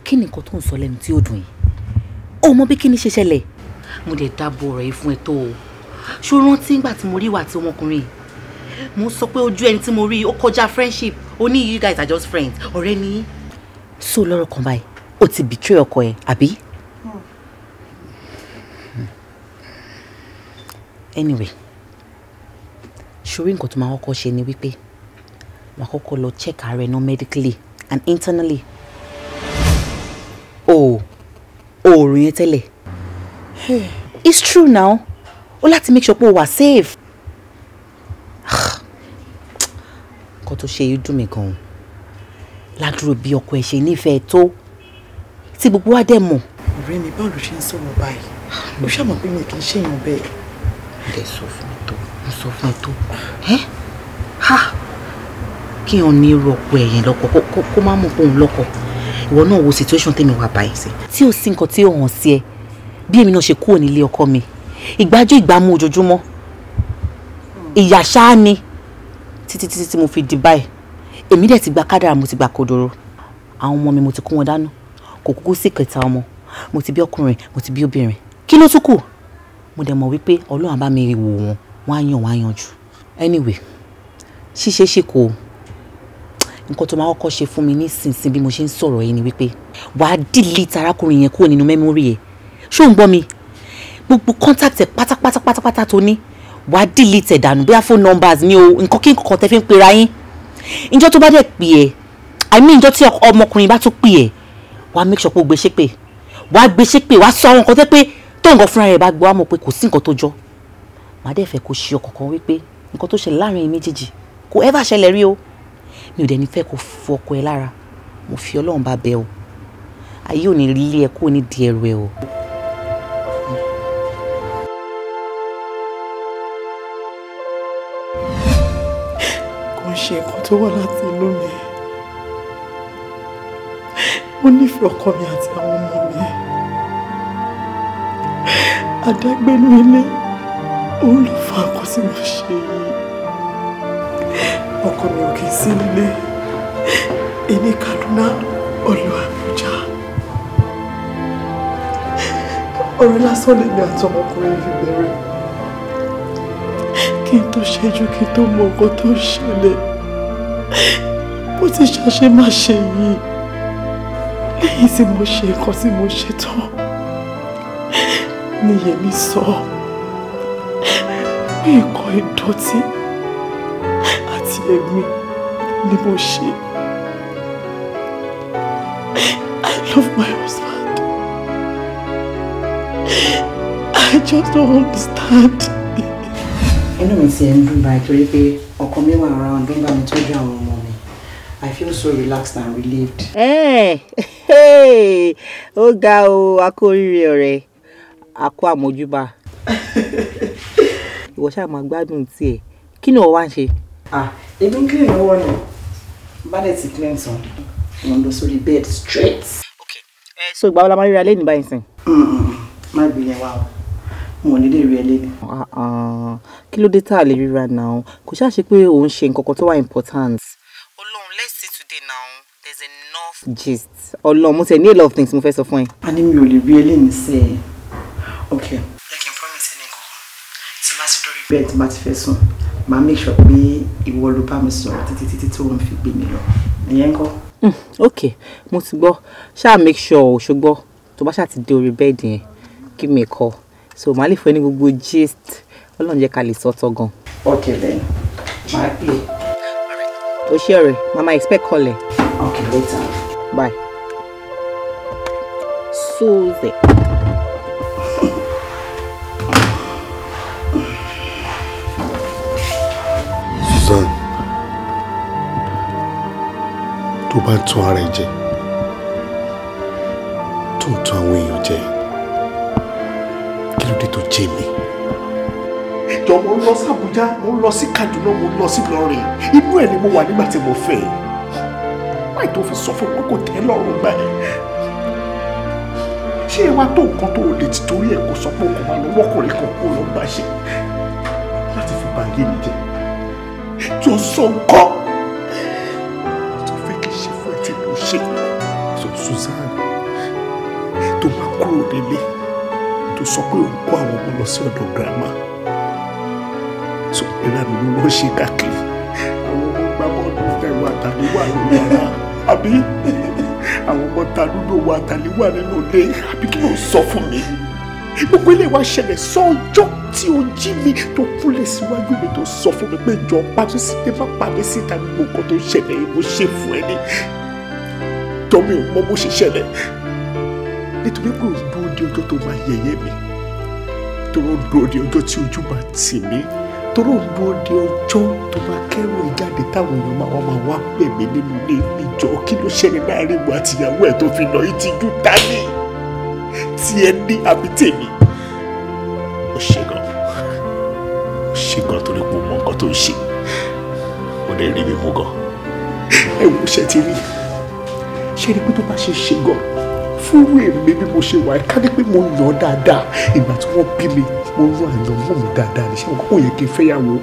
kí ni nǹkan tó ń sọ lẹ́nu tí ó dùn yìí ó mọ bí kí ni ṣe ṣẹlẹ̀ mo dẹ̀ dábọ̀ ọ̀rọ̀ yìí fún ẹ tó o ṣó rántí nígbà tí mo rí ìwà tí ọmọkùnrin mo sọ pé ojú ẹni tí mo rí ó kọjá friendship ó ní you guys are just friends ọ̀rẹ́ ni. so lọ́rọ̀ kan báyìí o ti betray ọkọ ẹ àbí. Hmm. anyway ṣorí nǹkan tó máa kọ́kọ́ ṣe ni wípé wàá kọ́kọ́ lọ check ara ẹ náà medically and internally o oòrùn yẹn tẹ́lẹ̀ it's true now o láti make sure pé o wà safe nǹkan tó ṣe yìí dùn mí gan-an ládùúrò bí ọkọ ẹ̀ ṣe nífẹ̀ẹ́ tó tí gbogbo wa dẹ̀ mọ̀. ọ̀rẹ́ mi báwo ló ṣe ń sọ̀rọ̀ báyìí ó ṣàmọ̀ pé mi kì í ṣèyàn bẹ́ẹ̀. ẹ sọ fún mi tó mo sọ fún ẹ tó ha kí n ò ní irú ọkọ ẹ̀yìn lọ́kọ kó má mọ̀ pé òun ìwọ náà wo situation tèmi wà báyìí sí. tí o sí nǹkan tí o hàn sí ẹ bí èmi náà ṣe kúrò nílé ọkọ mi ìgbájú ìgbámú ojoojúmọ́ ìyà ṣáá ni títí títí tí mo fi di báyìí èmi dẹ̀ ti gba kádàrà mo ti gba kodoro àwọn ọmọ mi mo ti kó wọn dáná kò kúkú sí kẹta ọmọ mo ti bí ọkùnrin mo ti bí obìnrin kí ló tún kù mo dẹ̀ mọ̀ wípé ọlọ́run bá mi wò wọ́n wọ́n á yàn wọ́n á yanjú anyway ṣíṣe ṣe kò. Cool nǹkan tó máa kọ́kọ́ ṣe fún mi nísinsìnyí bí mo ṣe ń sọ̀rọ̀ yìí ni wípé wàá delete arákùnrin yẹn kúrò nínú mẹ́mórì ẹ̀ ṣó ń gbọ́ mi gbogbo contact ẹ̀ pátápátá pátápátá tó ní wàá delete ẹ̀ dànù bóyá phone numbers ni o nǹkan kí nǹkan tẹ́ fi ń pera yín ìjọ tó bá dẹ̀ pè ẹ́ i mean ìjọ tí ọmọkùnrin bá tún pè ẹ́ wàá make sure pé o gbé ṣépè wàá gbé ṣépè wàá sọ àwọn nǹkan tẹ́ pé tó nǹkan fúnra mi ò dẹni fẹ́ kó fọkọ ẹ lára mo fi ọlọ́run bá bẹ o ayé ò ní lé ẹ kó ní di ẹrù ẹ o. kò ń ṣe nǹkan tó wà láti inú mi mo nífẹ̀ẹ́ ọkọ mi àti àwọn ọmọ mi àdágbénú ilé òun ló fa mo ṣe yìí ọkọ mi ò kì í sí nílé èmi Kaduna ọ̀lọ́ Àbújá ọ̀rẹ́ lásán lèmi àtọmọkùnrin fi bẹ̀rẹ̀ kí n tó ṣẹ́jú kí n tó mọ nǹkan tó ń ṣẹlẹ̀ bó ti ṣàṣe má ṣe yìí lẹ́yìn tí mo ṣe nǹkan tí mo ṣe tán ni Yẹmi sọ pé nǹkan ìdọ̀tí àtìlẹ́gbìn ni mo ṣe. I love my husband. I just don't understand. Inú mi ti ń dùn báyìí torí pé ọkọ mi wà around tó ń bá mi tọ́jú àwọn ọmọ mi. I feel so relaxed and relieved. Eh, ó ga o, a kú oríire ọ̀rẹ́, a kú àmójúbà. (laughs) Ìwọ ṣáà máa gbádùn tiẹ̀, kí ni o wá ń ṣe? ah even ń clean lọ́wọ́ ni bá dẹ̀ ti clean tán mo ń lọ sórí bed straight. okay so ìgbà wo la máa ríra lẹ́yìn báyìí sìn. má gbé yẹn wá o mo ò ní lè rí ẹ lẹ́yìn. kí ló dé tá a lè ríra náà kò ṣáà ṣe pé kan tó wà important. Ọlọ́run let's see today now there's enough gist Ọlọ́run mo se ní a lot of things mo fẹ́ sọ fún ẹ. a ní mi ò lè rí ẹ lẹ́yìn sí ẹ ok. jẹ́ promise ẹnì kan tí má ti dọ̀rí bẹ́ẹ̀ tí má ti fẹ́ sùn màá make sure pé ìwọ ló bá mi sọ̀rọ̀ títí títí tí wọ́n fi gbé mi lọ ìyẹn kọ́. Hmm, ok mo ti gbọ́ ṣáà make sure o ṣùgbọ́n tó bá ṣáà ti dé orí bẹ́ẹ̀dì yẹn kí mi kọ́ so màá lè fún ẹ ní gbogbo gist ọlọ́run jẹ́ ká lè sọ́tọ̀ gan. ok then màá pè é. o ṣé ọ̀rẹ́ mama expect call ẹ. ok later. bye. suze. So, tó bá ń tún ara ẹ̀ jẹ tó ń tún àwọn èèyàn jẹ kí ló dé tó jẹ mí. ìjọ mo ń lọ sí Àbújá mo ń lọ sí Kaduna mo ń lọ sí Ìlọrin inú ẹ̀ ni mo wà nígbà tí mo fẹ́ ẹ̀ láì tó fi sọ fún pé kò tẹ́ lọ́rùn gbà ṣé ẹ wá tó nǹkan tó lè ti torí ẹ̀ kó sọ pé kò máa lọ wọ́kùnrin kan kó lọ bá ṣe láti fi bàyè mi jẹ tó sọ nǹkan. Susan tó máa kúrò nílé tó sọ pé òun kó àwọn ọmọ lọ sí ọ̀dọ̀ girama so ìlànà ló lọ́ọ́ ṣe káàkiri àwọn ọmọ gbá bọ́ọ̀lù ẹ̀rọ àtàlẹ́wà ló wà rà àbí àwọn ọmọ ta lúdò wà àtàlẹ́wà nínú ilé àbí kí ló ń sọ fún mi gbogbo ilé wa ṣẹlẹ̀ sọ́jọ́ tí o jí mi tó kúlẹ̀ síwájú mi tó sọ fún mi pé jọ pàmí síta má pàmí síta gbogbo nǹkan tó ṣẹlẹ̀ yìí mo ṣe fún ẹ ní lóòótọ́ mi ò mọ bó ṣe ṣẹlẹ̀ nítorí pé òun dúró de ọjọ́ tó máa yẹ̀yẹ́ mi tóró ń dúró de ọjọ́ tí ojú máa tì mí tóró ń dúró de ọjọ́ tó máa kẹ́rù ìjáde táwọn èèyàn máa wá máa wá pè mí nínú ilé mi jọ kí ló ṣẹlẹ̀ láàrin ìwà àtìyàwó ẹ̀ tó fi nà í ti dání tí ẹ ní àbí tèmi ó ṣe gan ó ṣe gan torí pé mo mọ nǹkan tó ń ṣe ó lè rí mi mú gan ẹ wò ó ṣe ti rí i ṣé rí pé tó bá ṣe ṣe gan fúrú èmi bí mo ṣe wà ẹ ká ní pé mo yàn dáadáa ìgbà tí wọ́n bí mi mo rún àyàn mọ́ mi dáadáa ní ṣé wọn kò yẹ kí n fẹ́yàwó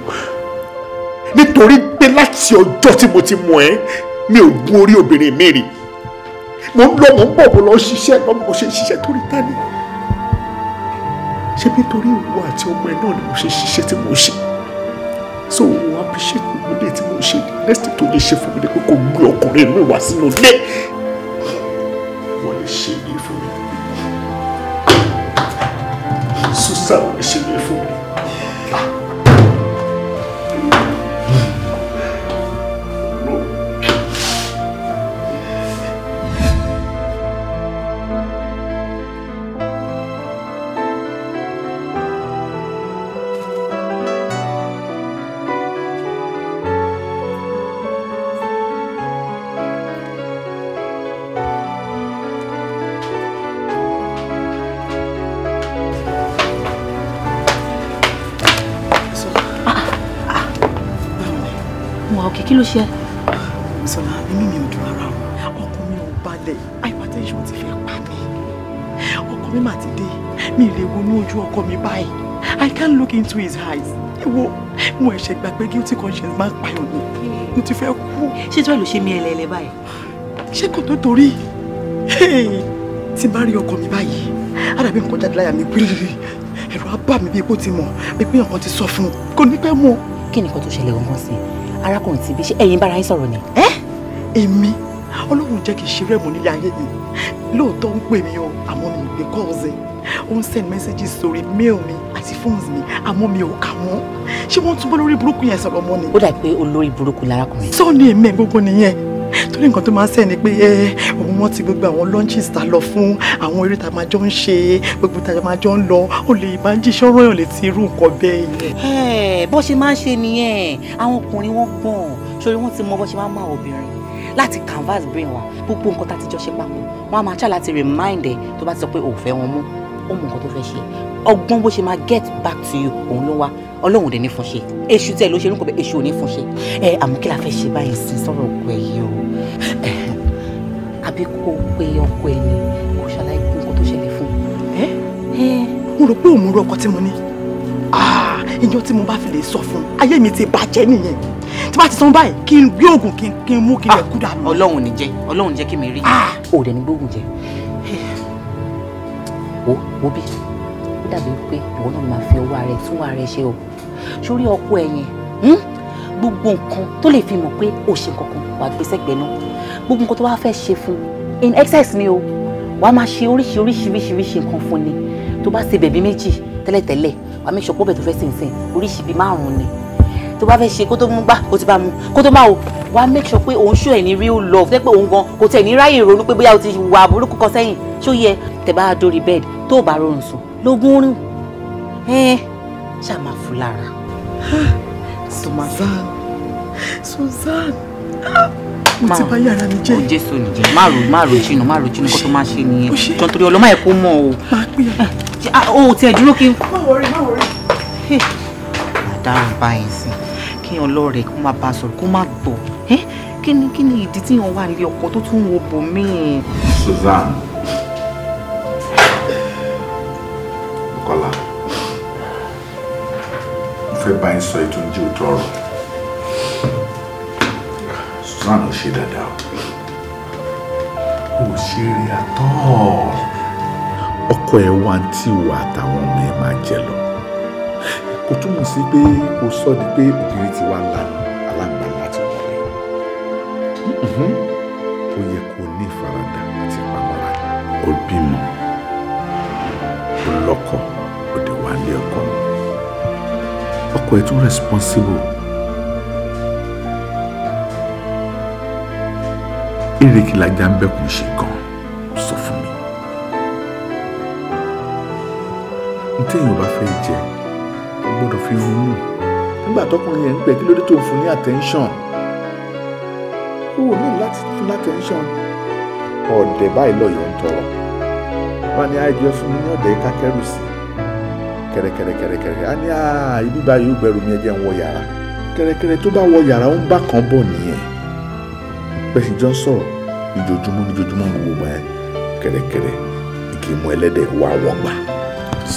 nítorí pé láti ọjọ́ tí mo ti mọ̀ ẹ́ mi ò gun orí obìnrin mi rì mo ń lọ mo ń bọ̀ mo lọ ṣiṣẹ́ lọ́mọ mo ṣe ṣiṣẹ́ torí tani ṣé nítorí ìwọ àti ọmọ ẹ náà ni mo ṣe ṣiṣẹ́ tí mo ṣe so appreciate gbogbo ilé tí mo ṣe next tó lè ṣe fún mi ni pé kò gbé ọkùnrin mi wá sínú ilé 我的心里负父，是三我的心里岳父。kí ló ṣe? Sọlá inú mi ò dùn rárá o. Ọkàn mi ò balẹ̀. Hypertension ti fẹ́ pa mí. Ọkọ mi mà ti dé. Mi lè wọnú ojú ọkọ mi báyìí. I can't look into his eyes. Ìwọ mo ẹ̀ṣẹ̀ gbà pé guilty conscience máa ń payàn ni. Mo ti fẹ́ kú. Ṣé tí wàá lò ṣe mí ẹlẹ́ẹ̀lẹ́ báyìí? Ṣé kò tó torí? Tí bá rí ọkọ mi báyìí, ara mi nǹkan jáde láyà mi pílìrì. Ẹ̀rọ á bà mí bí epo ti mọ̀, bí pé ọkàn ti sọ fún un. Kò ní pẹ́ mọ̀. Kí ni nǹkan tó ṣẹlẹ̀ ọ̀gbọ́n sí i? arákùnrin tìbí ṣe ẹ̀yin bára yín sọ̀rọ̀ ni. ẹ èmi ọlọ́run jẹ́ kí n ṣe rẹ́mu nílé ayé yìí lóòótọ́ ń pè mí o àmọ́ mi ò gbé kọ́ọ̀sì ó ń send messages sórí mail mi àti phones mi àmọ́ mi ò kà wọ́n ṣé wọ́n tún bọ́ lórí burúkú yẹn sọ̀rọ̀ mọ́ ni. ó dà pé olórí burúkú lárákùnrin. sọ́ọ̀nù èmi ẹ̀ gbogbo nìyẹn torí nǹkan tó máa ń sẹ̀ ni pé ẹ òun wọ́n ti gbogbo àwọn lunches ta lọ fún àwọn eré tá a máa jọ ń ṣe gbogbo tá a máa jọ ń lọ ó lè máa ń jí sọ́rọ́ èèyàn lè ti irú nǹkan bẹ́ẹ̀ yẹn. bó ṣe máa ń ṣe nìyẹn àwọn ọkùnrin wọn gbọ́n sórí wọn ti mọ bó ṣe máa ń mọ obìnrin láti canvas brain wa gbogbo nǹkan tá a ti jọ ṣe papọ̀ wọn a máa ṣá láti remind ẹ tó bá ti sọ pé òun fẹ́ wọn mú ó mọ nǹkan tó fẹ́ ṣe ọgbọ́n bó ṣe máa get back to you òun ló wá ọlọ́run ò dé ní fún ṣe èṣù tẹ̀ ló ṣe orúkọ bẹ́ẹ̀ èṣù ò ní fún ṣe ẹ àmọ́ kí la fẹ́ ṣe báyìí sí sọ̀rọ̀ òkú ẹ̀ o àbí kò pe ọkọ ẹ̀ ní kò ṣàlàyé nǹkan tó ṣẹlẹ̀ fún un. mo rò pé òun rú ọkọ tí mo ní ìyẹn ah, tí mo bá fi lè sọ fún un ayé mi ti bàjẹ́ nìyẹn tí bá ti sọ báyìí kí n gbé oògùn kí n mú kí n ah, lè kú dànù. ọlọ́run ní jẹ́ ọlọ́run jẹ́ kí mi rí i. Ah. òde ní gbóògùn jẹ wo wo bí ó dàbí pé ìwọ náà máa fi ọwọ́ rẹ tún wà rẹ ṣe o sórí ọkọ ẹ̀yìn hmm? gbogbo nǹkan tó lè fi mọ̀ pé ó ṣe gbé sẹ́gbẹ̀ẹ́ náà gbogbo nǹkan tó wá fẹ́ ṣe fún in excess ni o wàá máa ṣe oríṣi oríṣiríṣiríṣi nǹkan fún ni tó bá ṣe bẹ̀bí méjì tẹ́lẹ̀tẹ́lẹ̀ wàá make sure pọ́bẹ̀ tó fẹ́ sìnsìn oríṣi bíi márùn-ún ni tó bá fẹ́ ṣe kó tó mú bá kó ti bá mu kó tó máa wò wàá make sure pé òun ṣó ẹ̀ ní real love tẹ́ pé òun gan kò tẹ̀ ní ráyè ronú pé bóyá o ti wà burúkú kan sẹ́yìn ṣó yẹ tẹ̀ bá dórí bed tó bá rọrùn sùn lógún rìn ẹ́ẹ́ ṣáà máa fún lára. (gasps) Suzanne Suzanne mo ti bá yàrá mi jẹ́. o jésù nìyẹn má ro má ro jìnnà má ro jìnnà kó tó má ṣe nìyẹn jọ nítorí ọlọ́mọ ẹ̀ kó mọ̀ o. máa pè é. Ah, o ò tiẹ̀ dúró kí. má wọrí má wọrí. àdárò báyìí sí kí ọlọ́rẹ̀ kó má bá a sọ̀rọ̀ kó má gbọ́ kí ni kí ni ìdí tí wọ́n wà nílé ọkọ tó tún wo bò míì. Suzanne Kọ́lá mo fẹ́ bá yín sọ ètò ìjì òtọ́ Usman ò ṣe dáadáa o ò ṣe rí àtọ́ ọkọ ẹ wá tí ìwọ àtàwọn ọmọ ẹ máa jẹ lọ kò túmọ̀ sí pé o sọ ni pé obìnrin ti wá lanu alágbá láti wọlé mm-hmm. ó yẹ kó ní ìfaradà àti ìpamọ́ra ó bímọ ó lọ́kọ ó dé wá lé ọkọ ọkọ ẹ tún responsible. erékìlá Jàǹbẹ̀kùn ṣe gan sọ fún mi ntẹ́yìn bá fẹ́ jẹ ó gbọ́dọ̀ fi ronú nígbà tọkùnrin yẹn ń pẹ kí ló dé tó ń fún ní attention ó wò ní láti fún attention ọ̀dẹ̀ báyìí lọ́yọ̀ ń tọrọ wọn ni àìjọ fún mi ní ọ̀dẹ̀ kákẹ́rù sí kẹ̀rẹ̀kẹ̀rẹ̀kẹ̀rẹ̀ á ní ibi báyìí ó gbẹrù mi ẹ̀jẹ̀ ń wọ yàrá kẹ̀rẹ̀kẹ̀rẹ̀ tó bá wọ yàrá ó ń bá kan bọ̀ nìyẹn bẹ́ẹ̀ sì jọ ń sọ̀rọ̀ lójoojúmọ́ lójoojúmọ́ gbogbo gbà yẹn kẹ̀rẹ̀kẹ̀rẹ̀ igi mú ẹlẹ́dẹ̀ wá wọn gbà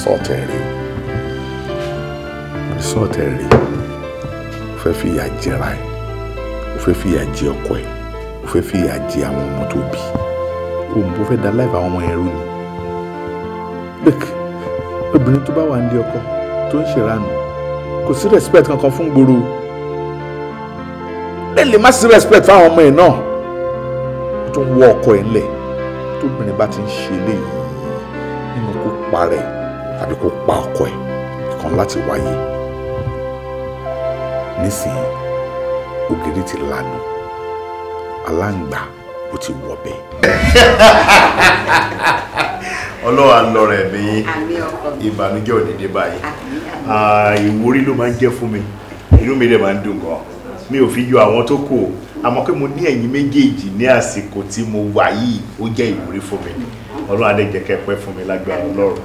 sọ́ọ̀tẹ̀ rè sọ́ọ̀tẹ̀ rè o fẹ́ fìyà jẹra ẹ̀ o fẹ́ fìyà jẹ ọkọ ẹ̀ o fẹ́ fìyà jẹ àwọn ọmọ tó bí o mọ̀ da láìpẹ́ àwọn ọmọ yẹn rú ni look obìnrin tó bá wà nílé ọkọ tó ń ṣèrànù kò sí respect kankan fún gbòòrò lè lè má sí respect fáwọn ọmọ yẹn náà tó ń wọ ọkọ ẹ̀ ńlẹ̀ tóbìnrin bá ti ń ṣe eléyìí nínú kó pa rẹ̀ tàbí kó pa ọkọ ẹ̀ kan láti wáyé nísìnyí ògiri ti lanu aláǹgbá ó ti wọ̀bẹ. (laughs) ọlọ́wà lọ rẹ̀ ní ìbànújẹ́ òdìdí báyìí ìwúrí ló máa ń jẹ́ fún mi inú mi dẹ̀ máa ń dùn gan mi ò fi yọ àwọn tó kù àmọ́ pé mo ní ẹ̀yin méjèèjì ní àsìkò tí mo wà yìí ó jẹ́ ìwúrí fún mi ọlọ́run adéjẹkẹ́ pẹ́ fún mi lágbára ọlọ́run.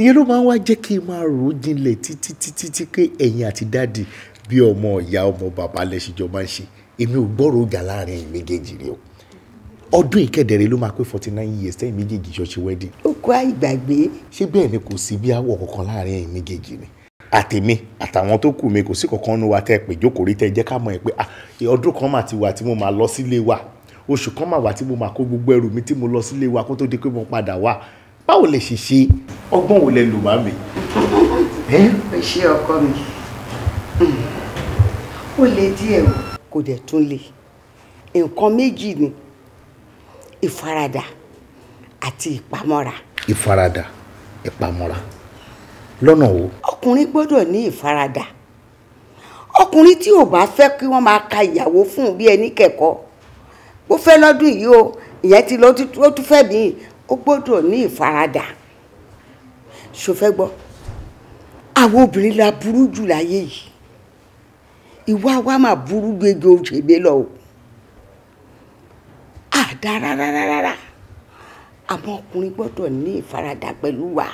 ìyẹn ló máa ń wá jẹ́ kí n máa rò ó jinlẹ̀ títí títí tí pé ẹ̀yin àti dáàdì bí ọmọ ìyá ọmọ bàbá lẹ́sìjọ máa ń ṣe èmi ò gbọ́rọ̀ ọ̀gá láàrin ẹ̀yin méjèèjì rẹ o ọdún ìkẹdẹrẹ ló máa pé forty nine years tẹ́yin méjèèjì ṣọ́ọ̀ṣì wedding. ó kó àìgbàgbé. ṣé bẹ́ẹ̀ ni kò sí bí àwọ̀ kankan láàrin ẹ̀yin méjèèjì ni àtèmi àtàwọn tó kù mi kò sí kankan nu wa tẹ́ pé jókòó rí tẹ́ jẹ́ ká mọ̀ ẹ́ pé ah, ọdún kan mà ti wà tí mo máa lọ sílé wa oṣù kan mà wà tí mo máa kó gbogbo ẹrù mi tí mo lọ sílé wa kó tó di pé mo padà wá báwo lè ṣe ṣe ọgbọ́n wo lẹ lò má mi. ẹ ṣe ọkọ mi ó le díẹ̀ o kò dẹ̀ tún le nǹkan méjì ni ìfaradà àti ìpamọ́ra. ìfaradà ìpamọ́ra lọ́nà o. ọkùnrin gbọ́dọ̀ ní ìfaradà ọkùnrin tí ò bá fẹ́ kí wọ́n máa ka ìyàwó fún un bí ẹni kẹ̀kọ́ bó fẹ́ lọ́dún yìí o ìyẹn ti lọ ó tún fẹ́ bí ó gbọ́dọ̀ ní ìfaradà ṣó fẹ́ gbọ́ àwọn obìnrin la burú jù láyé yìí ìwà wa máa burú gbẹgbẹ òṣèlú lọ o àdá rárá rárá àmọ́ ọkùnrin gbọ́dọ̀ ní ìfaradà pẹ̀lú wa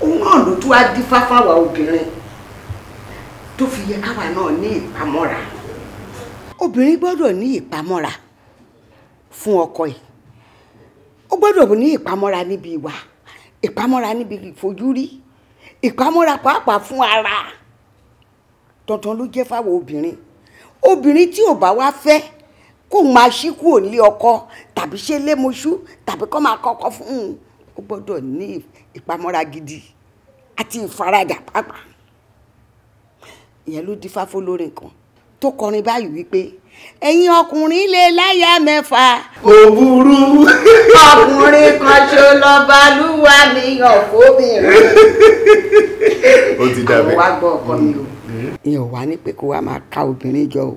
òun náà ló tún wá dífá fáwa obìnrin tó fi yẹ káwa náà ní ìpamọ́ra. obìnrin gbọ́dọ̀ ní ìpamọ́ra fún ọkọ ẹ̀ ó gbọ́dọ̀ ní ìpamọ́ra níbi ìwà ìpamọ́ra níbi ìfojúrí ìpamọ́ra pàápàá fún ara dandan ló jẹ́ fáwọn obìnrin obìnrin tí ò bá wá fẹ́ kó máa ṣí kúrò nílé ọkọ tàbí ṣe lémoṣú tàbí kó máa kọ́kọ́ fún un ó gbọ́dọ̀ ní ìpamọ́ra gidi àti ìfaradà pàápàá ìyẹn ló di fáfó lórí nǹkan tó kọrin báyìí wípé ẹ̀yin ọkùnrin lè láyà mẹ́fà. kò burú. ọkùnrin kan ṣo lọ balùwà mi ọ̀fọ́bìnrin. ó ti dàbẹ́. àwọn wa gbọ́ ọkọ mi o. Mm-hmm. ìyẹn ò wá ní pé kó wa máa ka obìnrin jọ o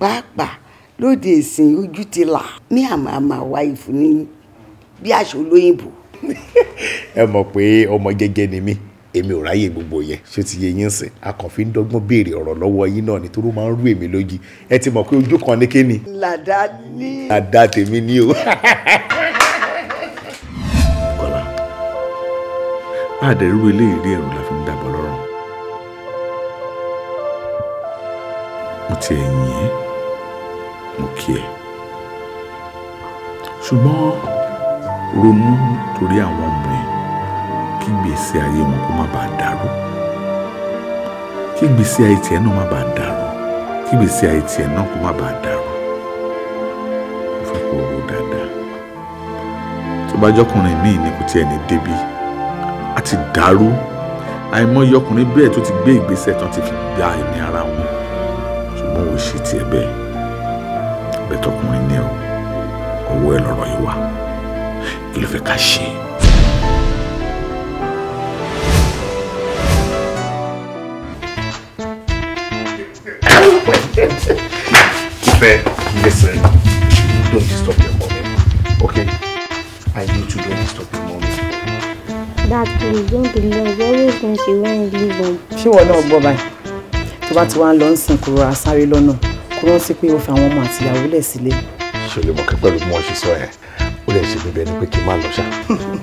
pàápàá lóde ìsìn ojú ti là ní àmàmà wa ìfúnni bí aṣọ olóyìnbó ẹ mọ̀ pé ọmọ jẹ́jẹ́ ni mí èmi ò ráyè gbogbo yẹn ṣé ti yẹ yín sìn a dọ́gbọ́n béèrè ọ̀rọ̀ lọ́wọ́ yín náà nítorí ó máa ń rú èmi lójú ẹ ti mọ̀ pé ojú kan ní kéènì. làdá ní. làdá tèmi ní o. kọ́lá àdẹ̀rú eléyìí rí ẹ̀rù la fi ń dàbọ̀ lọ́rùn mo ti ẹ̀yìn ẹ́ mo kí ẹ ṣùgbọ́n ronú torí àwọn ọmọ ẹ kí gbèsè ayé wọn kó má bàa dàrú kí gbèsè ayé tiẹ̀ náà má bàa dàrú kí gbèsè ayé tiẹ̀ náà kó má bàa dàrú mo fẹ́ kó owó dáadáa tó bá jọkùnrin míì ní kò tiẹ̀ ní débi á ti dàrú àìmọye ọkùnrin bẹ́ẹ̀ tó ti gbé ìgbésẹ̀ tán ti fi gba ẹ̀mí ara wọn ṣùgbọ́n ò ṣe tiẹ̀ bẹ́ẹ̀ bẹ́ẹ̀ tọkùnrin ní ọ ọwọ́ ẹ lọ́rọ̀ yìí wà kí ló fẹ́ ká ṣe. listen. Don't disturb your mommy. Okay? I need to don't disturb your mommy. Dad, please don't be nervous. Always when she went leave home. Ṣé wọ́n náà gbọ́ báyìí? Tó bá ti wá ń lọ sìn kúrò asáré lọ́nà, kúrò sí pé ó fi àwọn ọmọ àtìyàwó lẹ̀ sílé. Ṣé o lè mọ̀ kí pẹ̀lú bí wọ́n ó lè ṣe bíbẹ ni pé kí n má lọ ṣá.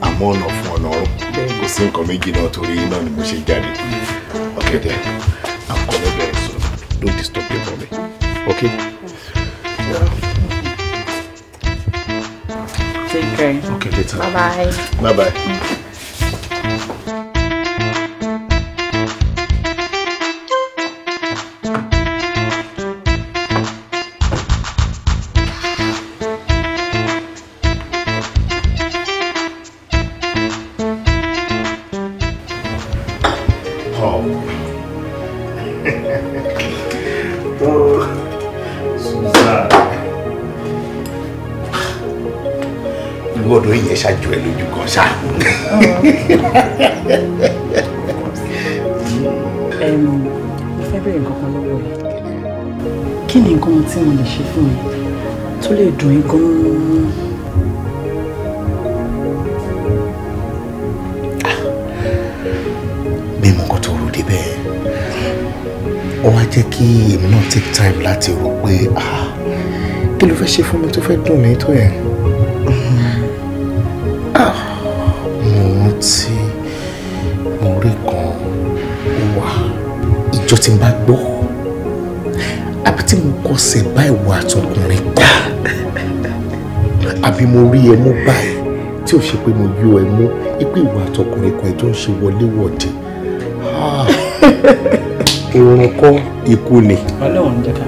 àmọ́ ọ̀nà fún ọ̀nà ọ̀run kò sí nǹkan méjì náà torí náà ni mo ṣe jáde ọ̀kẹ́dẹ̀ àkọlẹ́ bẹ̀rẹ̀ sọ don't disturb your mommy okay. Take care. Okay, later. Bye bye. Bye bye. mo fẹ́ bẹ̀rẹ̀ nǹkan kan lọ́wọ́ yìí kí ni nǹkan tí mo lè ṣe fún mi tó lè dùn yín gan-an. bí mo kọ́ tó rò débẹ̀ ó wá jẹ́ kí èmi náà take time láti rò pé ah, kí ló fẹ́ ṣe fún mi tó fẹ́ dùn mí tó yẹn. tí n bá gbọ́ àbí tí mo kọsẹ̀ bá ìwà àtọkùnrin gbà àbí mo rí ẹ báyìí tí ò ṣe pé mo yọ ẹ mú ipé ìwà àtọkùnrin kan ẹjọ́ ń ṣe wọléwọ̀de ìrùn ah! kọ́ ikú ni. ọlọ́run jẹ́ ká.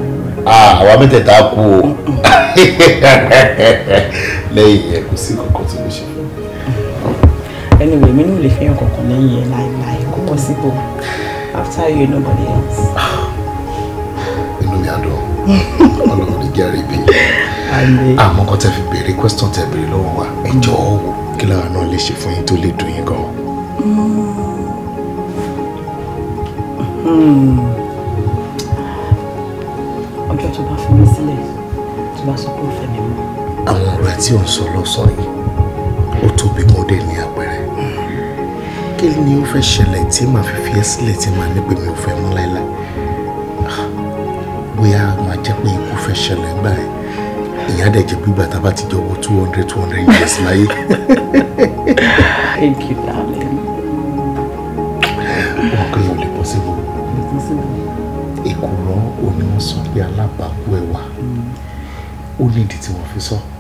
Ah! àwa mẹ́tẹ̀ẹ̀ta kú o lẹ́yìn ẹ̀ kò sí kankan tó lè ṣe fún mi. ẹni wèémí ni ò lè fẹ́ràn kankan lẹ́yìn ẹ̀ láéláé kó pọ̀ síbò after you, nobody else. Inú mi á dùn. (laughs) Ọlọ́run ní gẹ́rẹ́ ibi. Àmọ́ kan tẹ́ fi béèrè question tẹ́ to lọ́wọ́ wa. Ẹ jọ̀ọ́ kí lára náà lè ṣe fún yín tó lè dùn yín gan. Hmm. Hmm. Ọjọ́ tó bá fi mí sílẹ̀ tó bá sọ pé ó fẹ́ mi mọ́. Àwọn ọ̀rọ̀ tí ò ń sọ lọ́sàn-án yìí. kí ni ó fẹ́ ṣẹlẹ̀ tí màá fi fi ẹ́ sílẹ̀ tí màá ní pé mi ò fẹ́ mọ́ láéláé bóyá màá jẹ́ pé ikú fẹ́ ṣẹlẹ̀ ńgbà yẹn ìyá dẹ̀ jẹ́ pé bàtà bá ti jọ wọ two hundred two hundred years láyé. thank you darling. wọn kò yọ lè bọ́ síbò. ìkùrọ̀ òní wọn sọ pé alábàákú ẹwà mm. ó ní ìdí tí wọ́n fi sọ. So.